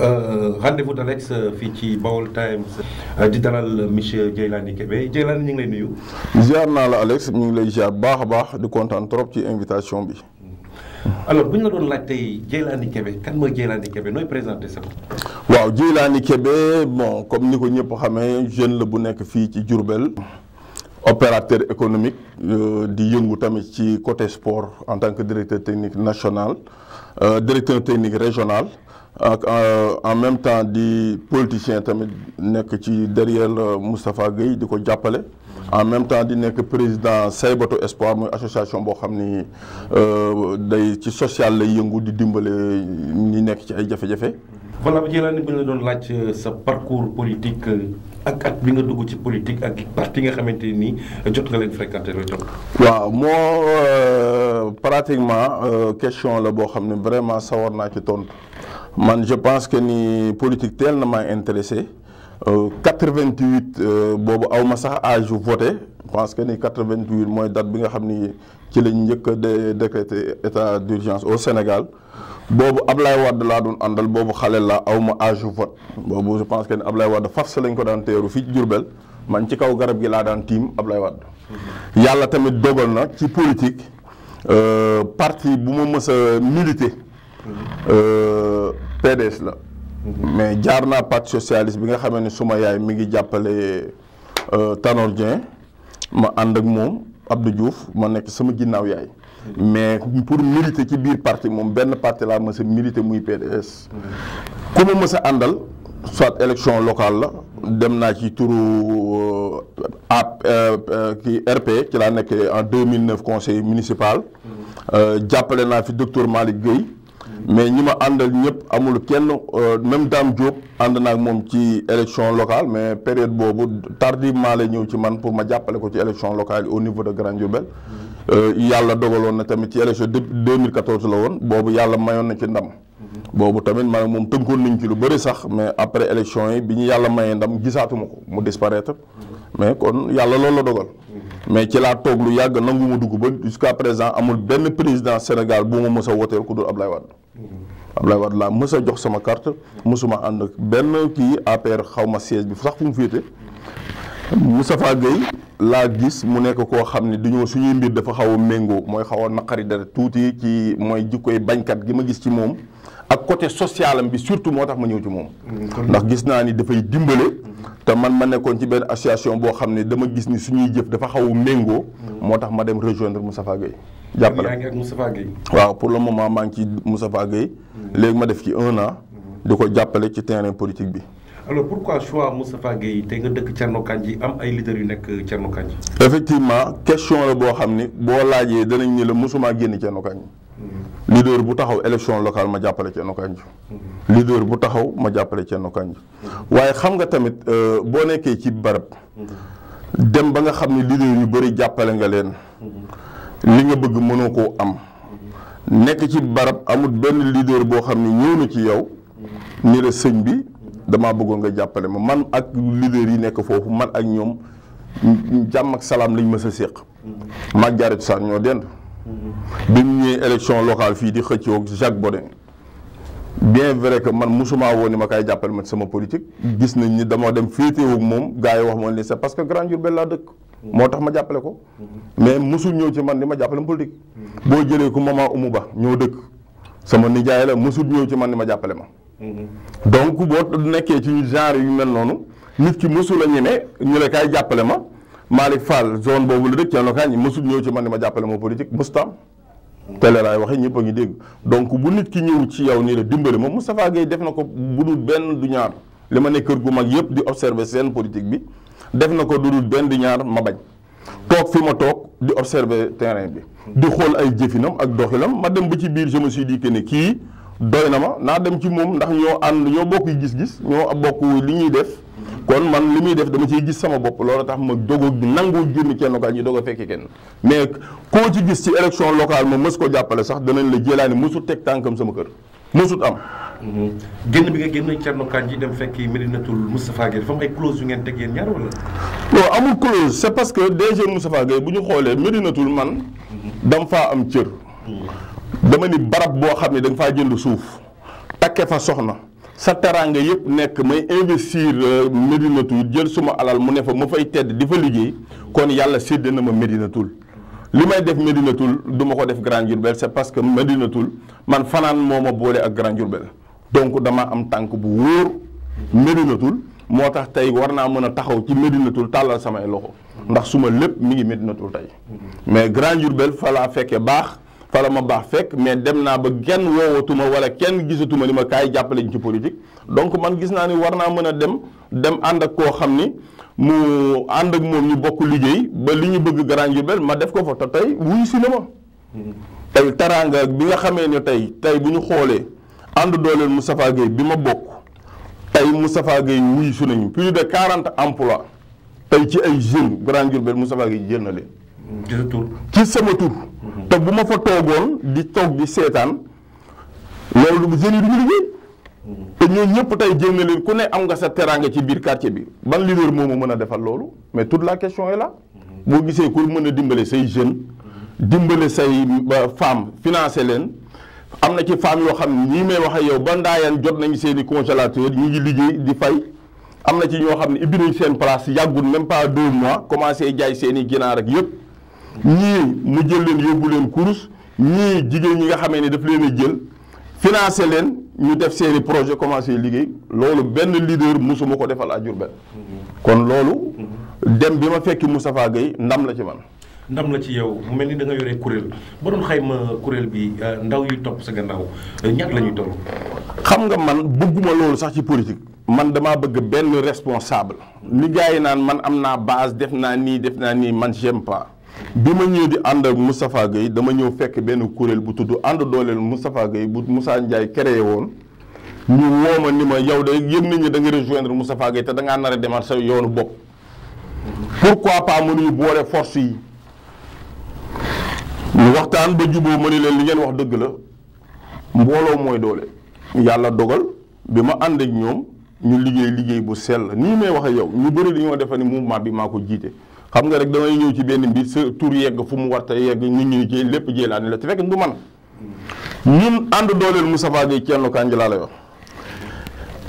Euh, rendez-vous d'Alex euh, fii ci Baol Times euh, di dalal monsieur Dieylani Kébé Dieylani ñu ngi lay nuyu. ziar naa la Alex ñu ngi lay ziar baax a baax di kontaan trop ci invitation bi. alors bu ñu la doon laaj tey Dieylani Kébé kan mooy Dieylani Kébé nooy présenté sa waaw Dieylani Kébé bon comme ni ko ñëpp xamee jeune la bu nekk fii ci jurubel opérateur économique di yëngu tamit ci côté sport en tant que directeur technique national directeur technique régional. ak euh, en même temps di politicien tamit nekk ci derrière euh, Moustapha Gueye di ko jàppale en même temps di nekk président Saybato Espoir muy association boo xam ni euh, day ci social la yëngu di dimbale ñi nekk ci ay jafe-jafe voilà bu jëlaat ni bu ñu la doon laaj sa parcours bi nga dugg ci politique ak parti nga xamante nii jot nga leen fréquenté looy topp. waaw moo pratiquement question la boo xam ne vraiment sawar naa ci tontu. man je pense que ni politique teel na maa intéressé 88 euh, euh, boobu aw ma sax âge yu voté je pense que ni 88 mooy date bi nga xam ni ci lañ njëkk a décrété état d'urgence au Sénégal boobu Ablaye Wade laa doon àndal boobu xale la aw ma âge yu boobu je pense que ni Ablaye Wade fas lañ ko daan teeru fii Diourbel man ci kaw garab gi laa daan tiim Ablaye Wade yàlla tamit dogal na ci politique euh, parti bu ma mës a milité. PDS la. Mhm. mais jaar naa parti socialiste bi nga xamee ne suma yaay mi ngi jàppale euh, Tanor Dieng ma ànd ak moom Abdou Diouf ma nekk sama ginnaaw yaay. Mhm. mais pour militer ci biir parti moom benn parti laa mës a militer muy PDS. ku ma àndal soit élection local la dem naa ci turu euh, AP euh, kii RP ci laa nekk en 2009 conseil municipal. Mhm. jàppale naa fi docteur Malick Guèye. mais ñi ma àndal ñëpp amul kenn euh, même Dame Diop ànd ak moom ci élection local mais période boobu tardivement la ñëw ci man pour ma jàppale ko ci élection locale au niveau de Grand Diourbel euh, yàlla dogaloon na tamit ci élection depuis 2014 la woon boobu yàlla mayoon na ci ndam boobu tamit man moom tënkoon nañ ci lu bëri sax mais après élection yi bi ñu yàlla mayee ndam gisaatuma ko mu disparaître mais kon yàlla loolu la dogal mais ci laa toog lu yàgg nangu dugg ba jusqu'à présent amul benn président Sénégal bu ma mës a woteel ku dul Ablaye Abdoulaye Wade laa mës a jox sama carte mësuma ànd ak benn kii APR xaw ma siège bi sax fu mu féete Moustapha Gueye laa gis mu nekk koo xam ne duñu suñuy mbir dafa xaw a méngoo mooy xaw a naqari dara tuuti ci mooy jikkoy bañkat gi ma gis ci moom ak côté social bi surtout moo tax ma ñëw ci moom ndax gis naa ni dafay dimbale man ma nekkoon ci benn association boo xam ne dama gis ni suñuy jëf dafa xaw a méngoo moo tax ma dem rejoindre Moustapha Gueye jàppale yaa ngi waaw pour la moment maa ngi ci Moustapha Guèye mm-hmm. léegi ma def ci un an. Mm-hmm. di ko jàppale ci terrain politique bi. alors pourquoi choix Moustapha Guèye te nga dëkk Thierno Kandji am ay leaders yu nekk Thierno effectivement question la boo xam ni boo laajee danañ ni la mosuma génn Thierno Kandji. Mm-hmm. leader bu taxaw élection local ma jàppale Thierno Kandji. leader bu taxaw ma jàppale Thierno Kandji. waaye xam nga tamit euh, boo nekkee ci barab. dem ba nga xam ni leader yu bëri jàppale nga leen. li nga bëgg mënoo koo am nekk ci barab amut benn leader boo xam ne ñëw na ci yow ni la sëñ bi damaa bëggoon nga jàppale ma man ak leader yi nekk foofu man ak ñoom jàmm ak salaam lañ mës a séq maag Jaaretu Sarr ñoo dend bi mu ñëwee élection locale fii di xëccoo Jacques Bodin bien vrai que man musuma woon ni ma kay jàppale ma sama politique gis nañ ni dama dem féetewoo ak moom gars yi wax ma ne c'est parce que Grand Diourbel laa dëkk moo tax ma jàppale ko mais mosul ñëw ci man di ma jàppale politique boo jëlee ku maman umu ba ñoo dëkk sama nijaay la mosul ñëw ci man di ma jàppale ma donc boo nekkee ci genre yu mel noonu nit ki mosul a ñeme ñu le kaay jàppale ma Malick Fall zone boobu la dëkk ceen lokaa ñi mosul ñëw ci man di ma jàppale ma politique musta télé laay waxe ñëpp ngi dégg donc bu nit ki ñëw ci yow nii la dimbali moom Moustapha Gueye def na ko bu dul benn du ñaar li ma ne kër gu mag yëpp di observer seen politique bi def na ko dudul benn di ñaar ma bañ toog fi ma toog di observer terrain bi di xool ay jëfinam ak doxilam ma dem ba ci biir je me suis dit que ne kii doy na ma naa dem ci moom ndax ñoo ànd ñoo bokk gis-gis ñoo bokk li ñuy def kon man li muy def dama ciy gis sama bopp loolu tax ma dogo nangoo génn kenn local ñu doog a fekki kenn mais koo ci gis ci élection locale ma mës ko jàppale sax danañ la jëlaani mësut teg tànkam sama kër mësut am Mm-hmm. génn bi nga génn Thierno Kandji dem fekki Médinatoul Moustapha Gueye dafa am ay clause yu ngeen teg yéen ñaar wala. non amul clause c'est parce que DG Moustapha Gueye bu ñu xoolee Médinatoul man. Mm-hmm. dama faa am cër. Mm-hmm. dama ni barab boo xam ne da nga faa jënd suuf takke fa soxna sa teraanga yëpp nekk may investir euh, Médinatoul jël suma alal mu ne fa ma fay tedd di fa liggéey kon yàlla sédd na ma Médinatoul li may def Médinatoul du ma ko def Grand Diourbel c'est parce que Médinatoul man fanaan moo ma boole ak donc dama am tànk bu wóor Médinatoul moo tax tey war naa mën a taxaw ci Médinatoul tàllal samay loxo ndax su ma lépp mu ngi Médinatoul tey mais Grand Diourbel fa laa fekke baax fala ma baax fekk mais dem naa ba genn woowatuma wala kenn gisatuma li ma kaay jàppaleñ ci politique donc man gis naa ni war naa mën a dem dem ànd ak koo xam ni mu ànd ak moom ñu bokk liggéey ba li ñu bëgg Grand Diourbel ma def ko fa te tey wuyu si na ma mm-hmm. tey teraanga bi nga xamee ne tey tey bu ñu xoolee ànd dooleel Moustapha Gueye bi ma bokk tey Moustapha Gueye wuy su nañu plus de quarante emploi tey ci ay jeunes Grand Diourbel Moustapha Gueye jël na leen ci sama tur te bu ma fa toogoon di toog di seetaan loolu jeunes yi du ñu te ñooñu ñëpp tey jël na ku ne am nga sa teraanga ci biir quartier bi ban leader moomu mën a defal loolu mais toute la question est la boo gisee ku mën a dimbale say jeunes dimbale say euh, femme financé leen am na ci femmes yoo xam ne nii may wax ak yow ba ndaayaan jot nañu seeni i congélateur ñu ngi liggéey di fay am na ci ñoo xam ne ibbi nañ seen place yàggul même pas deux mois commencé jaay seeni ginaar ak yëpp ñii mu jël leen yóbbu leen course ñii jigéen ñi nga xamee ne daf leen a jël financé leen ñu def seen i projet commencé liggéey loolu benn leader mosuma ko defal à Diourbel mm-hmm. kon loolu mm-hmm. dem bi ma fekki Moustapha Gueye ndam la ci man ndam la ci yow mel ni danga nga yore kuréel ba doon xayma kuréel bi euh, ndaw yu topp sa gannaaw euh, ñaat la ñuy toll. xam nga man bëgguma loolu sax ci politique. man damaa bëgg benn responsable. li gars yi naan man am naa base def naa nii def naa nii man j'aime bi ma ñëw di ànd ak Moustapha dama ñëw fekk benn kuréel bu tudd ànd dooleel Moustapha Gueye bu Moussa Ndiaye créé woon. ñu woo ma ni ma yow de yëg nañu da nga rejoindre Moustapha Gueye te da ngaa nar a demaat sa yoonu bopp. yi. ñu waxtaan ba juboo ma ni leen li ngeen wax dëgg la mbooloo mooy doole yàlla dogal bi ma ànd ak ñoom ñu liggéey liggéey bu sell nii may wax ak yow ñu bëri dañoo defe ni mouvement bi maa ko jiite xam nga rek damay ñëw ci benn mbir sa tur yegg fu mu warta yegg ñu ñuy jéy lépp jéelaani la te fekk du man ñun ànd dooleel Moustapha Gueye Thierno Kandji laa lay wax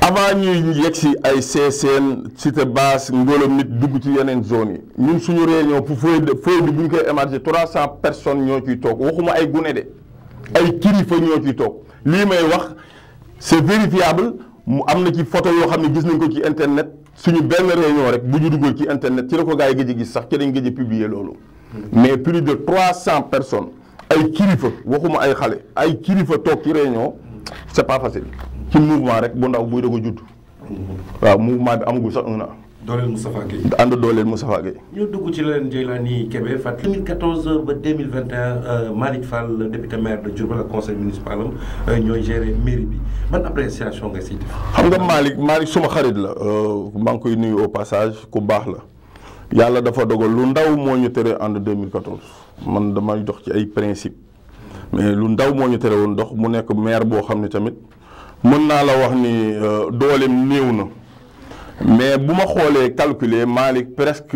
avant ñuy yegg si ay CCN cité basse ngóolam nit dugg ci yeneen zone yi ñun suñu réunion pour feuille de feuille bi bu ñu koy émarger trois cent personnes ñoo ciy toog waxuma ay gune de ay kilifa ñoo ci toog lii may wax c'est vérifiable mu am na ci photo yoo xam ne gis nañ ko ci internet suñu benn réunion rek bu ñu dugal ci internet ci la ko gars yi gëj gis sax ci lañ gëj publier loolu mais plus de trois cent personnes ay kilifa waxuma ay xale ay kilifa toog ci réunion c'est ci mouvement rek bu ndaw buy doog a judd. waaw mouvement bi amagul sax un an. dooleel Moustapha Gueye. ànd dooleel Moustapha Gueye. ñu dugg ci leneen fàttali 2014 ba 2021 euh, Malick Fall député maire de Diourbel ak am euh, ñooy gérer mairie bi ban appréciation nga siy def. xam nga Malick Malick suma xarit la euh, maa ngi koy au passage ku baax la yàlla dafa dogal lu ndaw moo ñu tere ànd mille 2014 man damay jox ci ay principe mais lu ndaw moo ñu tere woon ndox mu nekk maire boo xam ne tamit. mën naa la wax ni euh, doolem néew na mais bu ma xoolee calculer Malick presque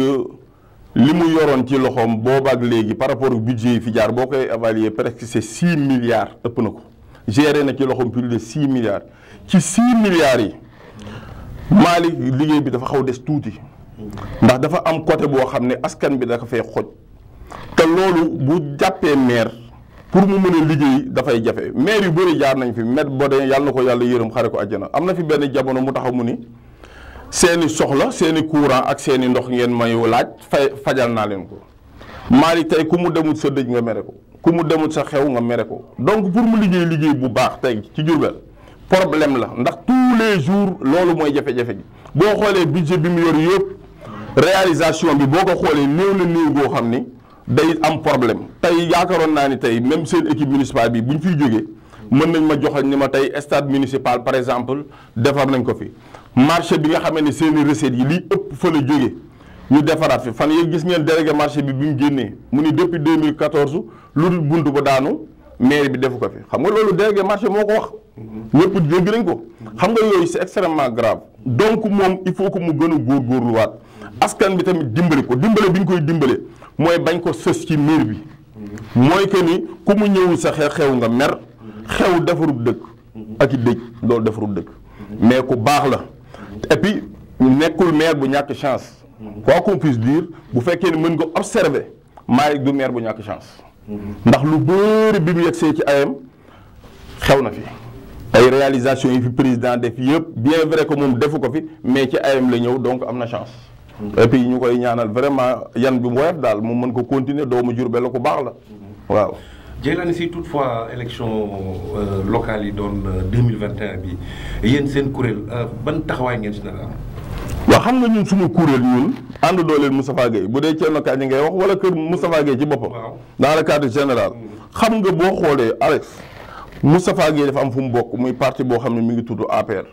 li mu yoroon ci loxoom boobaak léegi par rapport budget yi fi jaar boo koy évaluer presque c'est six milliards ëpp na ko géré na ci loxoom plus de six milliards ci six milliards yi Malick liggéey bi dafa xaw des tuuti ndax dafa am côté boo xam ne askan bi dafa fay xoj te loolu bu jàppee maire pour mu mënee liggéey dafay jafe maire yu bëri jaar nañ fi met Bodé yàlla ko yàlla yërëm xare ko àjjana am na fi benn jamono mu taxaw mu ni seeni soxla seeni courant ak seeni ndox ngeen may laaj fay fajal naa leen ko maari tey ku mu demut sa dëj nga mere ko ku mu demut sa xew nga mere ko donc pour mu liggéey liggéey bu baax tey ci Diourbel problème la ndax tous les jours loolu mooy jafe-jafe ji boo xoolee budget bi mu yor yëpp réalisation bi boo ko xoolee néew la goo xam ni day am problème tey yaakaaroon naa ni tey même seen équipe municipale bi bu ñu fiy jógee mën nañ ma joxoon ni ma tey stade municipal par exemple defar nañ ko fi marché bi nga xamee ne seen i yi liy ëpp fa la jógee ñu defaraat fi fan yéen gis ngeen délégué marché bi bi ñu génnee mu ni depuis 2014 lu dul bunt ba daanu maire bi defu ko fi xam nga loolu délégué marché moo ko wax. Mm-hmm. ñëpp dégg nañ ko. xam nga yooyu c'est extrêmement grave. donc moom il faut mu gën a góorgóorluwaat askan bi tamit dimbali ko dimbale bi ñu koy dimbale. mooy bañ ko sës ci miir bi mooy que ni ku mu ñëwul sa xew nga mer xew defarul dëkk ak i dëj loolu defarul dëkk mais ku baax la et puis nekkul maire bu ñàkk chance quoi qu'on puisse dire bu fekkee ne mën nga observer Malick du maire bu ñàkk chance ndax lu bëri bi mu yegsee ci ayam xew na fi ay réalisation yi fi président def yëpp bien vrai que moom defu ko fi mais ci ayam la ñëw donc am na chance et ñu koy ñaanal vraiment yan bi mu woyof daal mu mën ko continuer doomu Jurbel la ko baax la waaw. Jeylaani si toutefois élection euh, locale yi doon 2021 euh, bi yéen seen kuréel euh, ban taxawaay ngeen si nar xam nga ñun suñu kuréel ñun ànd dooleel Moustapha Gueye bu dee Thierno Kandji ngay wax wala kër Moustapha Gueye ci boppam. dans le cadre général. Mm. xam nga boo xoolee Alex Moustapha Gueye dafa am fu mu bokk muy parti boo xam ne mi ngi tudd APR.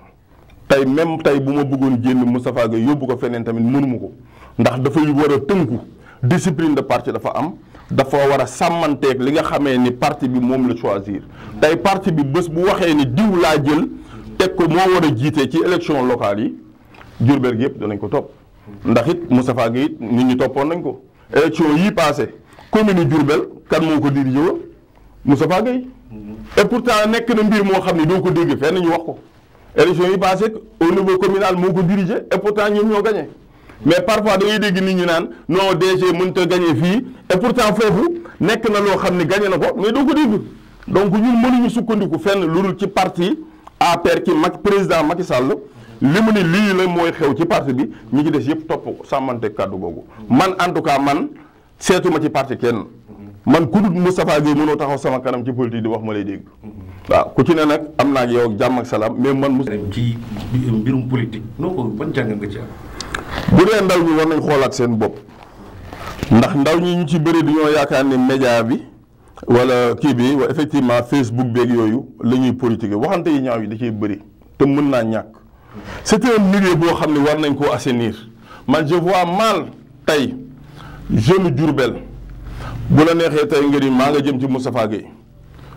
tey même tey bu ma bëggoon génn Moustapha Gueye yóbbu ko feneen tamit mënuma ko ndax dafay war a tënku discipline de parti dafa am dafa war a sàmmanteeg li nga xamee ni parti bi moom la choisir tey parti bi bés bu waxee ni diw laa jël teg ko moo war a jiite ci élection locale yi Diourbel gi yëpp danañ ko topp ndax it Moustapha it nit ñi toppoon nañ ko élection yii passé commune Diourbel kan moo ko di dirigé woon Moustapha Gueye et pourtant nekk na mbir moo xam ne doo ko dégg fenn ñu wax ko élection yi passé au niveau communal moo ko dirigé et pourtant ñoom ñoo gagné mais parfois da ngay dégg nit ñu naan non DG mënut a gagné fii et pourtant foofu nekk na loo xam ne gañe na ko mais doo ko dégg donc ñun mënuñu sukkandiku fenn lu dul ci parti APR ki mag président Macky Sall li mu ne lii la mooy xew ci parti bi ñi ci des yëpp topp sàmmante kàddu boobu man en tout cas man seetuma ci parti kenn. man ku dul Moustapha mënoo taxaw sama kanam ci politique di wax ma lay dégg. waaw ku ci ne nag am naa ak yow jàmm ak salaam mais man. ci mbirum politique. noo ko ban jàng nga ci am. ndaw ñi war nañ xoolaat seen bopp ndax ndaw ñi ñu ci bëri dañoo yaakaar ne média bi wala kii bi effectivement Facebook beeg yooyu la ñuy politique waxante yi ñaaw yi da ciy bëri te mën naa ñàkk. c'est un milieu boo xam ne war nañ koo assenir man je vois mal tey jeune Diourbel. bu la neexee tey nga ni maa nga jëm ci Moustapha Gueye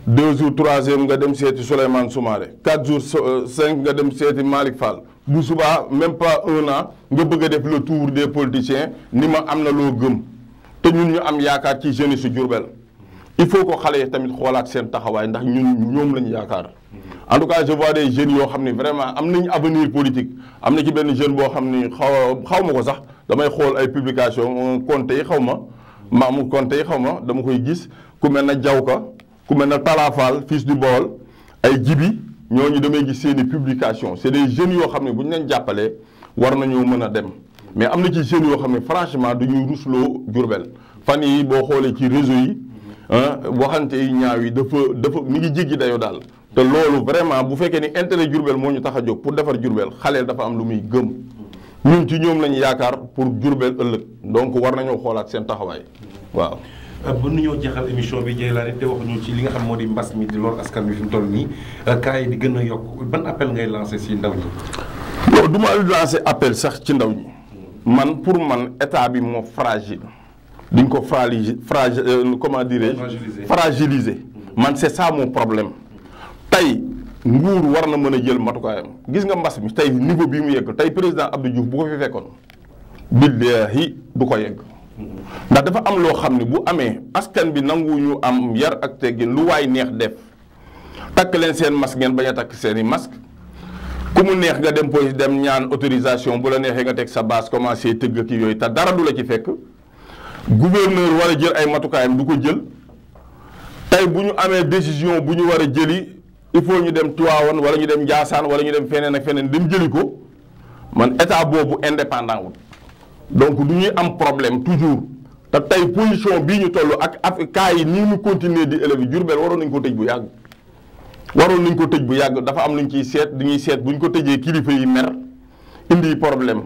deux jours troisième nga dem seeti Souleymane Soumaré quatre jours euh, cinq nga dem seeti Malick Fall bu suba même pas un an nga bëgg a def le tour des politiciens ni ma am na loo gëm te ñun ñu am yaakaar ci jeunesse su Diourbel il faut ko xale yi tamit xoolaat seen taxawaay ndax ñun ñoom lañu yaakaar en tout je vois des jeunes yoo xam ni vraiment am nañu avenir politique am na ci benn jeune boo xam ni xaw xaw ma ko sax damay xool ay publication compte xaw ma Mamou Konté xaw ma dama koy gis ku mel na Diawka ku mel na Talafal fils du Baol ay jibi ñoo ñu damay gis seen i publication c'est des jeunes yoo xam ne bu ñu leen jàppalee war nañoo mën a dem mais am na ci jeunes yoo xam ne franchement dañuy rusloo Jurbel fan yi boo xoolee ci réseau yi waxante yi ñaaw yi dafa dafa mi ngi jéggi dayoo daal te loolu vraiment bu fekkee ni intérêt Jurbel moo ñu tax a jóg pour defar Jurbel xaleel dafa am lu muy gëm ñun ci ñoom lañu yaakaar pour Diourbel ëllëg donc war nañoo xoolaat seen taxawaay waaw. bu nu ñëw jeexal émission bi Dieylané te waxuñu ci li nga xam moo di mbas mi di lool askan wi fi mu toll nii euh, cas yi di gën a yokk ban appel ngay lancé si ndaw ñi. non du ma lancé appel sax ci ndaw ñi. man pour man état bi moo fragile. diñ ko fragile fragile euh, comment dirais-je. fragiliser man c'est ça mon problème tey. nguur war na mën a jël matukaayam gis nga mbas mi tey niveau bii mu yegg tey président Abdou Diouf bu ko fi fekkoon billaahi du ko yegg ndax dafa am loo xam ne bu amee askan bi nanguwuñu am yar ak teggin lu waay neex def takk leen seen masque ngeen bañ a takk seen i masque ku mu neex nga dem police dem ñaan autorisation bu la neexee nga teg sa baas commencé tëgg ki yooyu te dara du la ci fekk gouverneur war a jël ay matukaayam du ko jël tey bu ñu amee décision bu ñu war a jëli il faut ñu dem Tivaouane wala ñu dem Ndiassane wala ñu dem feneen ak feneen mu jëli ko man état boobu indépendant wut donc du ñuy am problème toujours te tey position bii ñu toll ak ak cas yi nii ñu continuer di élèves yi Diourbel waroon nañ ko tëj bu yàgg. waroon nañ ko tëj bu yàgg dafa am lu ciy seet du ñuy seet bu ñu ko tëjee kilifa yi mer indi problème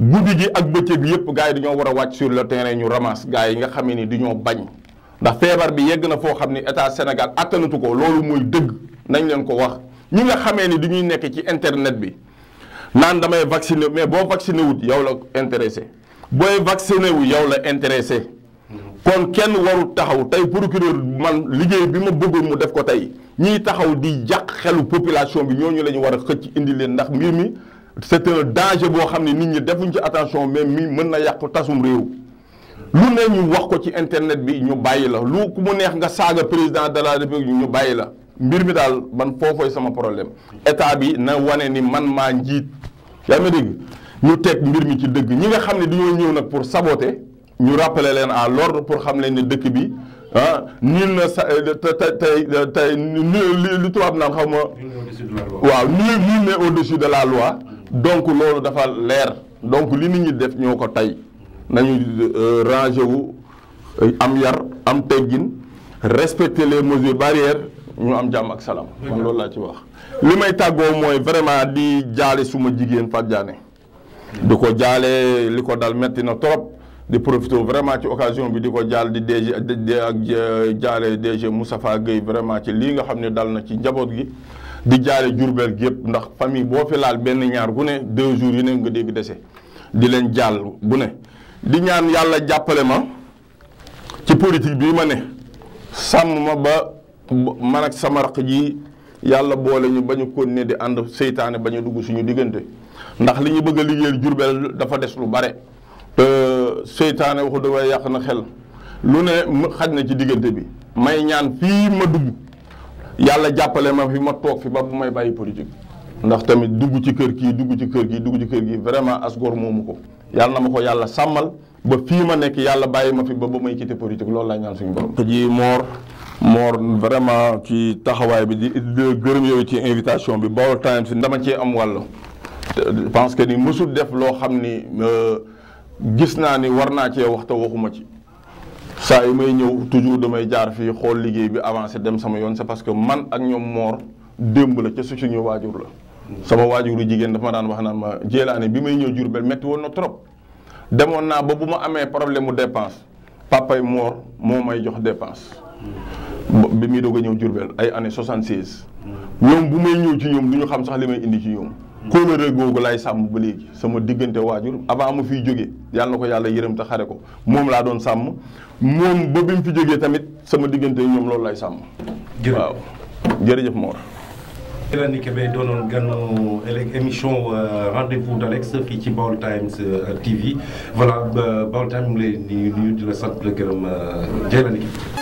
guddi gi ak bëccëg bi yëpp gars yi dañoo war a wàcc sur le terrain ñu ramasse gars yi nga xamee ni dañoo bañ ndax feebar bi yegg na foo xam ni état Sénégal attanatu ko loolu mooy dëgg. nañ leen ko wax ñi nga xamee ni di ñuy nekk ci internet bi naan damay vacciné mais boo vacciné wut yow la intéressé booy vacciné wu yow la intéressé kon kenn warul taxaw tey procureur man liggéey bi ma bëggoon mu def ko tey ñiy taxaw di yàq xelu population bi ñooñu la ñu war a xëcc indi leen ndax mbir mi c'est un boo xam ne nit ñi defuñ ci attention mais mi mën na yàq tasum réew lu ne ñu wax ko ci internet bi ñu bàyyi la lu ku mu neex nga saaga président de la république ñu bàyyi la mbir mi daal man foofooy sama problème état bi na wane ni man maa njiit yaa ngi dégg ñu teg mbir mi ci dëgg ñi nga xam ne dañoo ñëw nag pour saboter ñu rappeler leen à l'ordre pour xam leen ni dëkk bi ah nul tey tey lu tubaab naan xaw ma waaw nul nul ne au-dessus de la loi mm. donc loolu dafa leer donc li nit ñi def ñoo ko tey nañu euh, ranger wu am yar am teggin respecter les mesures barrières ñu am jàmm ak salaam. man loolu laa ci wax. li may tàggoo mooy vraiment di jaale suma jigéen Fatou Diané. di ko jaalee li ko dal metti na trop. di profité vraiment ci occasion bi di ko jaal di DG ak jaale DG Moustapha Gueye vraiment ci lii nga xam ne dal na ci njaboot gi. di jaale Jurbel gépp ndax famille boo fi laal benn ñaar gu ne deux jours yi ne nga dégg dese. di leen jàll bu ne di ñaan yàlla jàppale ma ci politique bii ma ne sàmm ma ba. man ak sama raq ji yàlla boole ñu ba ñu continuer di ànd seytaane ba ñu dugg suñu diggante ndax li ñu bëgg a liggéeyal Jurbel dafa des lu bare te euh, seytaane waxu dama yàq na xel lu ne xaj na ci diggante bi may ñaan fii ma dugg yàlla jàppale ma fi ma toog fi ba bu may bàyyi politique ndax tamit dugg ci kër kii dugg ci kër gi dugg ci kër gi vraiment as góor moomu ko yàlla na ma ko yàlla sàmmal ba fii ma nekk yàlla bàyyi ma fi ba ba may quitté politique loolu laa ñaan suñu Mor vraiment ci taxawaay bi di gërëm yooyu ci invitation bi Baol Times dama cee am wàll. je que ni mësul def loo xam ni euh, gis naa ni war naa cee waxta waxuma ci saa yu may ñëw toujours damay jaar fii xool liggéey bi avancé dem sama yoon c'est parce que man ak ñoom Mor démb la ca su suñu waajur la. sama waajur waajuru jigéen dafa ma daan wax naan ma jéelaane bi may ñëw Jurbel métti woon na trop demoon naa ba bu ma amee problème mu dépense papay Mor moo may jox dépense. bi muy doog a ñëw Diourbel ay année 76. ñoom bu may ñëw ci ñoom du ñu xam sax li may indi ci ñoom. kóolóore googu laay sàmm ba léegi sama diggante waajur avant ma fiy jóge yàlla na ko yàlla yërëm te xare ko moom laa doon sàmm moom ba bi mu fi jógee tamit sama diggante ñoom loolu laay sàmm. jërëjëf waaw jërëjëf Mor. Diéylani Kébé doonoon émission euh, rendez-vous d'Alex ci Baol Times euh, TV voilà Baol Times mu ngi lay nuyu di la euh,